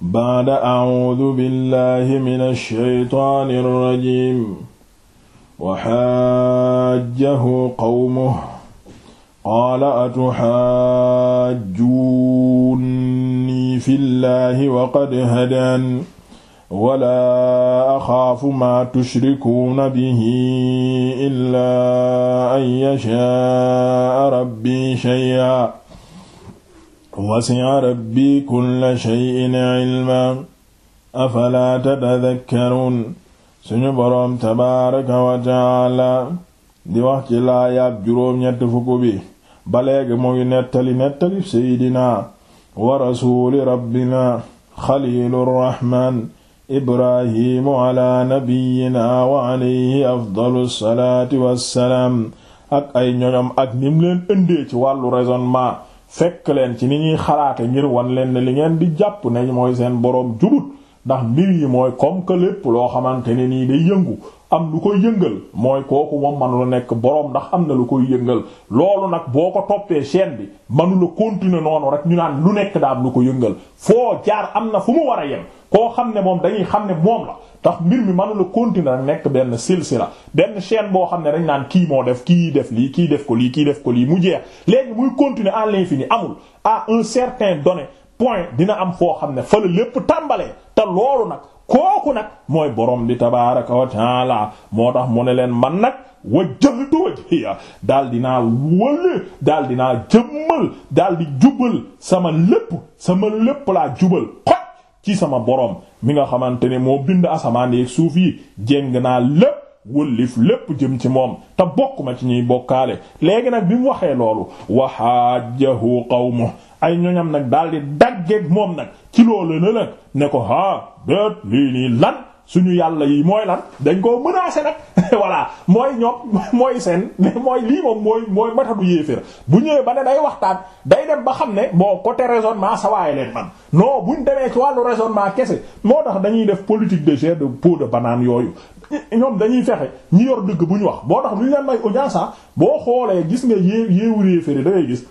baada acuudu billahi min alsheytaan alrajim wa xaajjahu qawmuh qaala atuxaajjuunnii fi llahi waqad hadaan wala axaafu maa tushrikuuna bihi illaa an yashaa rabbi shay'a wasi'a rabbi kulla shay'in ilma afalaa tatadakkaruun suñu boroom tabaaraka wa taala di wax ci laayaab juróom-ñett fukk bi ba léegi mu ngi nettali nettali seydinaa wa rasuuli rabbinaa xaliilu rahmaan ibrahimu ala nabiyina wa alayhi afdalu salaati wassalaam ak ak nim leen ëndee ci wàllu raisonnement fekk leen ci ni ñuy xalaate ngir wan leen ne li ngeen di jàpp ne mooy seen boroom jubut ndax mbir yi mooy comme que lépp loo xamante ne nii day yëngu am lu koy yëngal mooy kooku moom manula nekk boroom ndax am na lu koy yëngal loolu nag boo ko toppee chaîne bi manula continuer noonu rek ñu naan lu nekk daa am lu ko yëngal foo jaar am na fu mu war a yem koo xam ne moom dañuy xam ne moom la tax mbir mi manula continuer rek nekk benn silsila benn chaîne boo xam ne dañ naan kii moo def kii def lii kii def ko lii kii def ko lii mu jeex léegi muy continuer à ni amul à un certain donné point dina am foo xam ne fa lépp tàmbalee te loolu nag kooku nag mooy borom di tabaaraka wa taala moo tax mu ne leen man nag wajjahtu wajhiya daal dinaa wële daal dinaa jëmmal daal jubal sama lépp sama lépp laa jubal xoj ci sama borom mi nga xamante ne moo bind asamaan yi suuf yi jéng naa lépp wëllif lépp jëm ci moom te bokkuma ci ñuy bokkaale léegi nag bi mu waxee loolu waxaajahu qawmu ay ñoñam nag daal di moom nag ci loolu na nag ne ko haa déet lii nii lan suñu yàlla yi mooy lan dañ koo menacé nag voilà mooy ñoom mooy seen mooy lii moom mooy mooy matadu yéeféer bu ñëwee ba ne day waxtaan day dem ba xam ne boo côté raisonnement sa waaye leen man non buñ demee ci wàllu raisonnement kese moo tax dañuy def politique de jet de peau de banane yooyu ñoom dañuy fexe ñi yor dëgg bu ñu wax boo tax luñ leen may audience ah, boo xoolee gis nga yée yéewu yéeféer da ngay gis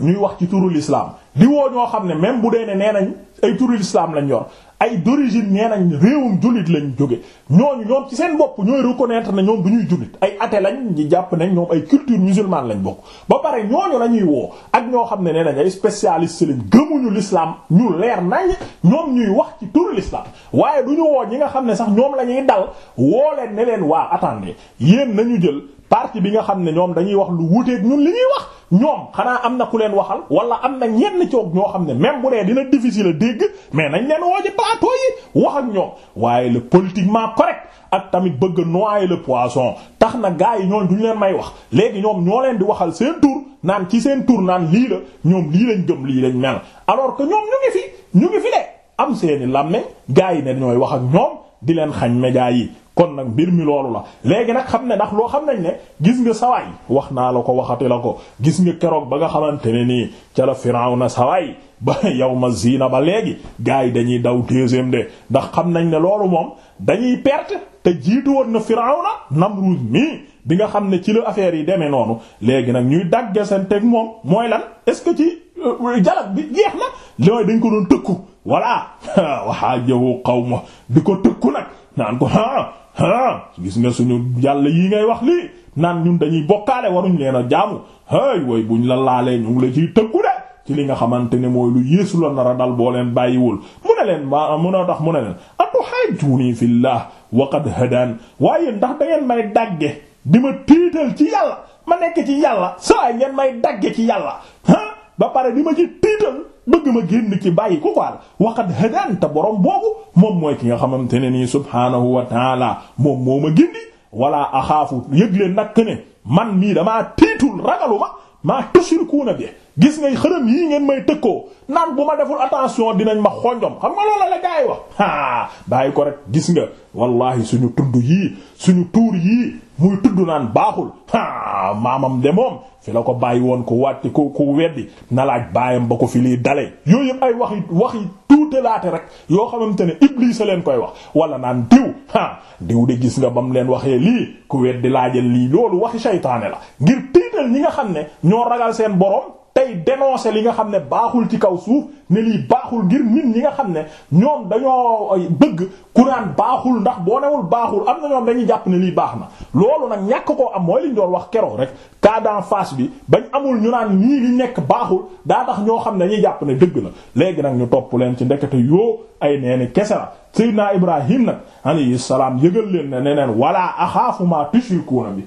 ñuy wax ci turu l'islam di woo ñoo xam ne même bu dee ne nee nañ ay turu l'islam lañ yor ay d'origine nee nañ réewum jullit lañu jóge ñooñu ñoom ci seen bopp ñooy reconnaître ne ñoom du ñuy jullit ay ate lañ ñi jàpp nañ ñoom ay culture musulmane lañ bokk ba pare ñooñu la ñuy woo ak ñoo xam ne nee nañ ay spécialiste lañ gëmuñu l'islam ñu leer nañ ñoom ñuy wax ci turu l'islam waaye du ñu woo ñi nga xam ne sax ñoom la ñuy dal woo leen ne leen waa attendez yéen nañu jël parti bi nga xam ne ñoom dañuy wax lu wuteeg ñun li ñuy wax ñoom xanaa am na ku leen waxal wala am na ñenn coog ñoo xam ne même bu dee dina difficile a dégg mais nañ leen woo ci plateau yi wax ak ñoom waaye le politiquement correct ak tamit bëgg a noyer le poisson tax na gars yi ñoon duñ leen may wax léegi ñoom ñoo leen di waxal seen tur naan ci seen tur naan lii la ñoom lii lañ gëm lii lañ mel alors que ñoom ñu ngi fi ñu ngi fi de am seeni làmme gars yi ne ñooy wax ak ñoom di leen xañ média yi kon nag mbir mi loolu la léegi nag xam ne ndax loo xam nañ ne gis nga sawaay wax naa la ko waxati la ko gis nga keroog ba nga xamante ne nii ca la Firawna sawaay ba yawma ziina ba léegi gars yi dañuy daw deuxième de ndax xam nañ ne loolu moom dañuy perte te jiitu woon na Firawna Namrud mii bi nga xam ne ci la affaire yi demee noonu léegi nag ñuy dagge seen teg moom mooy lan est-ce que ci euh, jalab bi jeex na looy dañ ko doon tëkku voilà waxaa jëwu xaw ma di ko tëkku nag naan ko ah ah gis nga suñu yàlla yi ngay wax lii naan ñun dañuy bokkaale waruñ leen a jaamu hay way ñu la laalee ñu ngi la ciy tëggu de ci li nga xamante ne mooy lu yéesu la nar a dal boo leen bàyyiwul mu ne leen ma mun a tax mu ne leen atu hajjuni fillah waqad hadan waaye ndax da ngeen may dagge di ma tiital ci yàlla ma nekk ci yàlla saa ngeen may dagge ci yàlla ah ba pare di ma ci tiital bëgg ma génn ci bàyyi ko quoi waqad hadan te borom boobu moom mooy ki nga xamante ne nii subhaanahu wa taala moom moo a gindi wala axaafu yëg leen nag ne man mii damaa tiitul ragalu ma maa tushrikuuna bi gis ngay xërëm yii ngeen may tëkkoo naan bu ma deful attention dinañ ma xonjom xam nga loola la gaay haa bàyyi ko rek gis nga wallahi suñu tudd yii suñu tuur yii muy tudd naan baaxul ah maamam de moom fi la ko bàyyi woon ko wàcc ko ko weddi na laaj baayam ba ko fi lii dalee yooyu yëpp ay wax wax waxi tuute laate rek yoo xamante ne Iblis a leen koy wax wala naan diw ah diw de gis nga ba mu leen waxee lii ku weddi laajal lii loolu waxi saytaane la ngir tiital ñi nga xam ne ñoo ragal seen borom. tey dénoncer li nga xam ne baaxul ci kaw suuf ne lii baaxul ngir nit ñi nga xam ne ñoom dañoo bëgg ku naan baaxul ndax boo newul baaxul am na ñoom dañuy jàpp ne lii baax na loolu nag ñàkk ko am mooy liñ doon wax keroog rek cas d'en face bi bañ amul ñu naan ñii li nekk baaxul daa tax ñoo xam ne dañuy jàpp ne dëgg la léegi nag ñu topp leen ci ndekete yoo ay neeni kese la Seydina Ibrahim nag alayhi salaam yëgal leen ne neneen wala axaafu ma tushrikuuna bi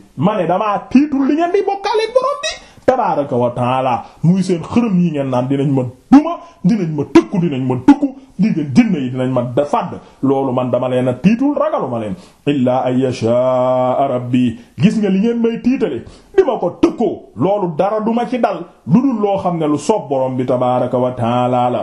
tabaaraka wa taala muy seen xërëm yi ngeen naan dinañ ma duma dinañ ma tëkku dinañ ma dugg digg jinne yi dinañ ma da fàdd loolu man dama leen a tiitul ragaluma leen illaa ay yashaa rabbi gis nga li ngeen may tiitale di ma ko tëkkoo loolu dara duma ci dal lu dul loo xam ne lu soob borom bi tabaaraka wa taala la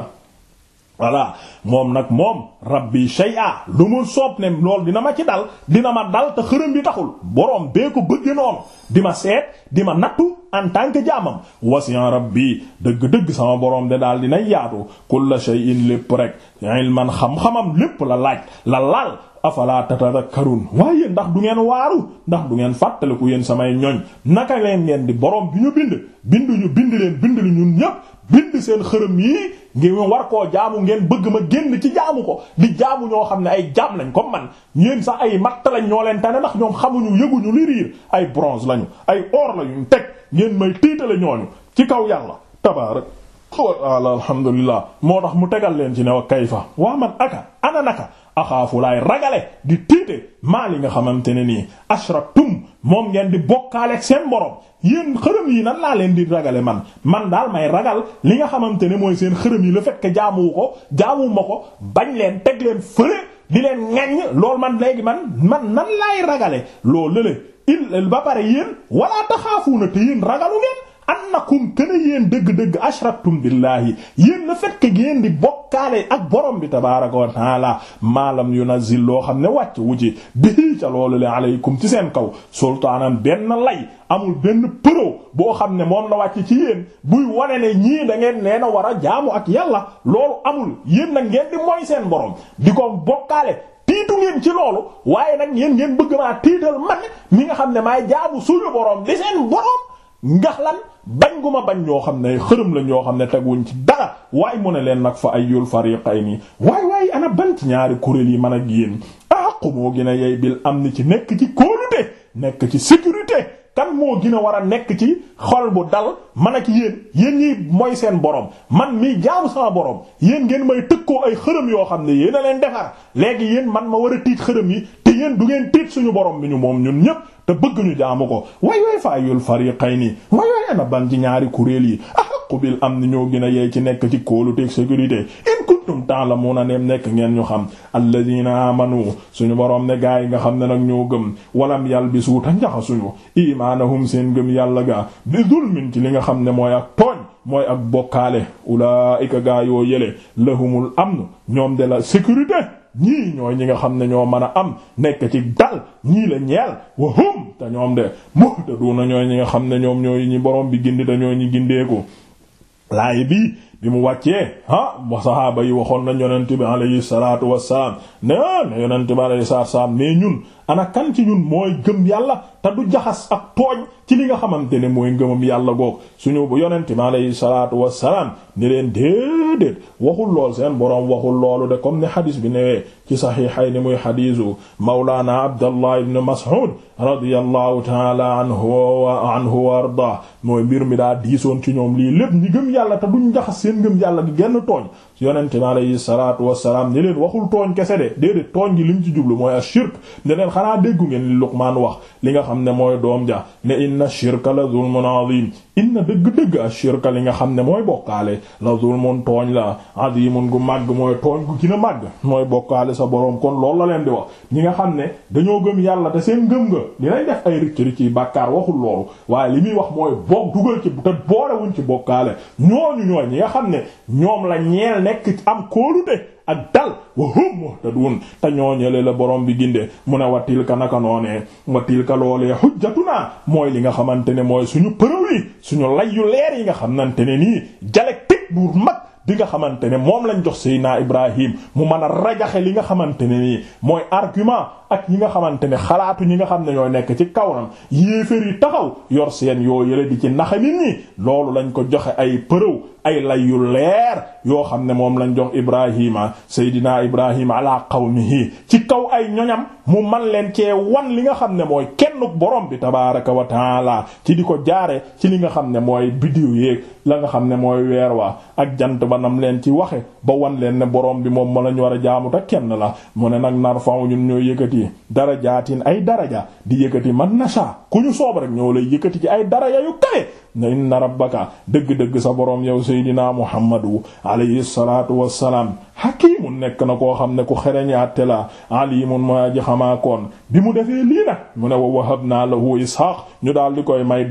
voilà moom nag moom rabbi shay'a lu mu soob ne lool dina ma ci dal dina ma dal te xërëm bi taxul boroom bee ko bëgg noonu di ma seet di ma nattu en tant que jaamam wasi'a bi dëgg-dëgg sama boroom de daal dina yaatu kulla shay'in lépp rek ilman xam-xamam lépp la laaj la laal afala tatadakkarun waaye ndax du ngeen waaru ndax du ngeen fàttaliku yéen samay ñoñ naka leen ngeen di boroom bi ñu bind bindu ñu bind leen bind li ñun ñépp bind seen xërëm yii ngeen war koo jaamu ngeen bëgg ma génn ci jaamu ko li jaamu ñoo xam ne ay jaam lañ comme man yéen sax ay matt lañ ñoo leen tane ndax ñoom xamuñu yëguñu li riir ay bronze lañu ay or lañu ñu teg ngeen may tiitale ñooñu ci kaw yàlla tabaarak wa alhamdulillah moo tax mu tegal leen ci ne wa kayfa waa man aka ana naka axaafu laay ragale di tiite maa li nga xamante ne nii ashraktum moom ngeen di bokkaaleeg seen borom yéen xërëm yii nan laa leen di ragale man man daal may ragal li nga xamante ne mooy seen xërëm yi la fait que jaamuwu ko jaamuwu ko bañ leen teg leen fële di leen ŋaññ loolu man léegi man man nan laay ragale loolu lële il ba pare yéen wala taxaafuuna te yéen ragalu ngeen annakum kana yéen dëgg-dëgg ashraktum billahi yéen le fait que yéen di bokkaale ak borom bi tabaaraka wa taala maalam yunazil loo xam ne wàcc wu ci bii ca loolu le aleykum ci seen kaw sultaanan benn lay amul benn përoo boo xam ne moom la wàcc ci yéen buy wane ne ñii da ngeen nee na war a jaamu ak yàlla loolu amul yéen nag ngeen di mooy seen borom di ko bokkaale tiitu ngeen ci loolu waaye nag yéen ngeen bëgg maa tiital man mi nga xam ne maay jaamu suñu borom ngax lan bañ gu ma bañ yoo xam ne xërëm la ñoo xam ne teguñ ci dara waaye mu ne leen nag fa ayyul fariqayni waay waay ana ban ñaari kuréel yi man ak yéen aqu moo gën a yey bil am ni ci nekk ci kóolute nekk ci sécurité kan moo gën war a nekk ci xol bu dal man ak yéen yéen ñi mooy seen borom man mii jaamu sama borom yéen ngeen may tëkkoo ay xërëm yoo xam ne yéen a leen defar léegi yéen man ma war a tiit xërëm yi te yéen du ngeen tiit suñu borom bi ñu moom ñun ñépp te bëgg ñu jaamu ko way way faayul fariqayni way way ana ban ci ñaari kuréel yi ahaqu bil am ni ñoo gën a yey ci nekk ci kóoluteeg sécurité in kuntum ta'lamuna neem nekk ngeen ñu xam alladina amanu suñu boroom ne gaa yi nga xam ne nag ñoo gëm walam yalbisu ta njaxasuñu imaanahum seen gëm yàlla ga bi zulmin ci li nga xam ne mooy ak tooñ mooy ak bokkaale ulaa'ika gaa yoo yële lahumul amnu ñoom de la sécurité ñii ñooy ñi nga xam ne ñoo mën a am nekk ci dal ñii la ñeel wa hum te ñoom de muhtaduna ñooy ñi nga xam ne ñoom ñooy ñi borom bi gindi dañoo ñi gindeeku laay bii bi mu wàccee ah sahaaba yi waxoon na yonent bi alayhi salaatu wassalaam ne ah, ne yonent bi alayhi salaatu mais ñun ana kan ci ñun mooy gëm yàlla te du jaxas ak tooñ ci li nga xamante ne mooy ngëmam yàlla goog suñu bu yonent bi alayhi salaatu wassalaam ni leen déedéet waxul lool seen boroom waxul loolu de comme ni hadis bi newee ci saxiixayni muy xadiisu mawlaana abdallah ibn mas'ud radiyallahu taala anhu wa anhu wa arda mooy mbir mi daa diisoon ci ñoom lii lépp ñi gëm yàlla te duñ jaxas seen ngëm yàlla gi genn tooñ yonente bi alayhi salaatu wassalaam ne leen waxul tooñ kese de déedéet tooñ gi li mu ci jublu mooy ashirk ne leen xanaa déggu ngeen li Luqmaan wax li nga xam ne mooy doom ja ne inna shirka la zulmun azim inna dëgg-dëgg ashirka li nga xam ne mooy bokkaale la zulmun tooñ la azimun gu màgg mooy tooñ gu gën a màgg mooy bokkaale sa boroom kon loolu la leen di wax ñi nga xam ne dañoo gëm yàlla te seen ngëm nga dinañ def ay rëcc rëcc yi bàkkaar waxul loolu waaye li muy wax mooy bokk dugal ci te ci bokkaale ñooñu ñooy ñi nga xam ne nekk am kóolute ak dal wa hum muhtadun te ñooñele la borom bi ginde mu ne wa tilka naka noonee wa tilka loolee hujjatuna mooy li nga xamante ne mooy suñu preuve yi suñu lay yu leer yi nga xamante ne nii dialectique buur mag bi nga xamante ne moom lañ jox Seydina Ibrahim mu man a rajaxe li nga xamante ne nii mooy argument ak ñi nga xamante ne xalaatu ñi nga xam ne ñooy nekk ci kawnam yéeféer yi taxaw yor seen yoo yële di ci naxe nit loolu lañ ko joxe ay përëw ay lay leer yoo xam ne moom lañ jox Ibrahima Seydina Ibrahima ala qawmihi ci kaw ay ñoñam mu man leen cee wan li nga xam ne mooy kennuk borom bi tabaaraka wa taala ci di ko jaare ci li nga xam ne mooy biddiw yeeg la nga xam ne mooy weer waa ak jant ba nam leen ci waxe ba wan leen ne borom bi moom ma la ñu war a jaamu te kenn la mu ne nag nar faw ñun ñoo yëkkati darajaatin ay daraja di yëkkati man nasha ku ñu soob rek ñoo lay yëkkati ci ay daraja yu kawe na inna rabbaka dëgg-dëgg sa borom yow seydinaa muhammadu alayhi salaatu wassalaam hakiimun nekk na koo xam ne ku xereñi àtte la alimun mooy aji xamaa koon bi mu defee lii nag mu ne wa wahabnaa lahu ishaaq ñu daal di koy may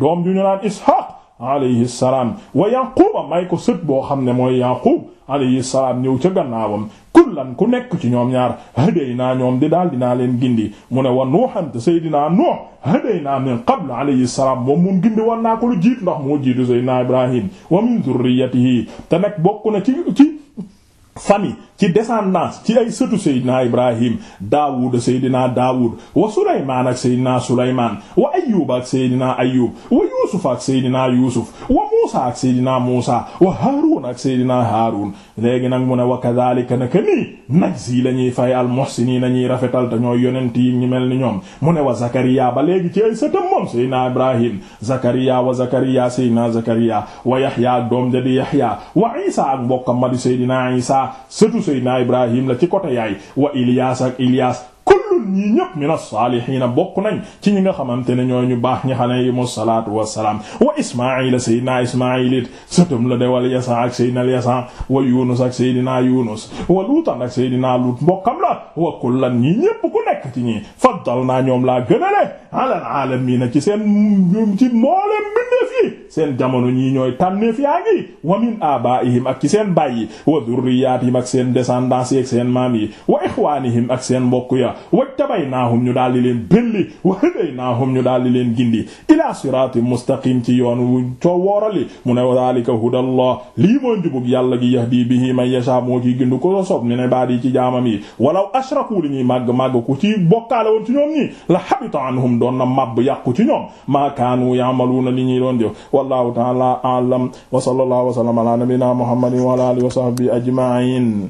alayhi salaam wa yaquba may ko sët boo xam ne mooy yaqub alayhi salaam ñëw ca gannaawam lan ku nekk ci ñoom ñaar haday naa ñoom di daal dinaa leen gindi mu ne wa nuuhan te seydinaa nuux haday naa min qabl alayhi salaam moom mun gindi wan naa ko lu jiit ndax moo jiitu seydinaa ibrahim wa min zurriyatihi te nag bokk na ci ci famille ci descendance ci ay sëtu Seydina Ibrahim Daawud Seydina Daawud wa Sulaymaan ak Seydina Sulaymaan wa Ayyub ak Seydina Ayyub wa Yuusuf ak Seydina Yuusuf wa Muusa ak Seydina Muusa wa Haaruun ak Seydina Haaruun léegi nag mu ne wa kadhalika naka nii najzi la ñuy fay al-muhsiniin nañuy rafetal te ñooy yonent yi ñu mel ni ñoom mu ne wa Zakariya ba léegi ci ay sëtam moom Seydina Ibrahim Zakariya wa Zakariya Seydina Zakariya wa Yahya doom ja Yahya wa Isa ak Zakariya sëtu Seydina Ibrahim la ci côté yaay wa Ilyas ak Ilyas kullun ñii ñëpp mina saalihiina bokk nañ ci ñi nga xamante ne ñoo ñu baax ñi alayhimu a wassalaam wa Ismaayil Seydina Ismaayil it sëtam la dewal Yasa ak Seydina Yasa wa Yunus ak Seydina Yunus wa Luutan ak Seydina Luut mbokkam la wa kullan ñii ñëpp ku nekk ci ñi faddal naa ñoom laa gënale alal aalamiina ci seen ci mboolem ngi seen jamono ñii ñooy tànneef yaa ngi wa min abaihim ak ci seen bàyyi wa durriyaatihim ak seen descendance yi ak seen maam yi wa ixwaanihim ak seen mbokk ya wa tabaynaahum ñu daal di leen belli wa hadaynaahum ñu daal di leen gindi ila siraati mustaqim ci yoon wu coo woorali mu ne daalika hudallah lii mooy njubug yàlla gi yahdi bihi man yasha moo ciy gindu ko sob ne ne baat yi ci yi walaw ashraku li ñuy màgg màgg ku ci bokkaale woon ci ñoom ñi la habita anhum doon na màbb yàqu ci ñoom maa kaanu ya'maluna li doon jëf wallahu ta'ala a'lam wa sallallahu wa sallama ala nabiyyina muhammadin wa ala alihi wa sahbihi ajma'in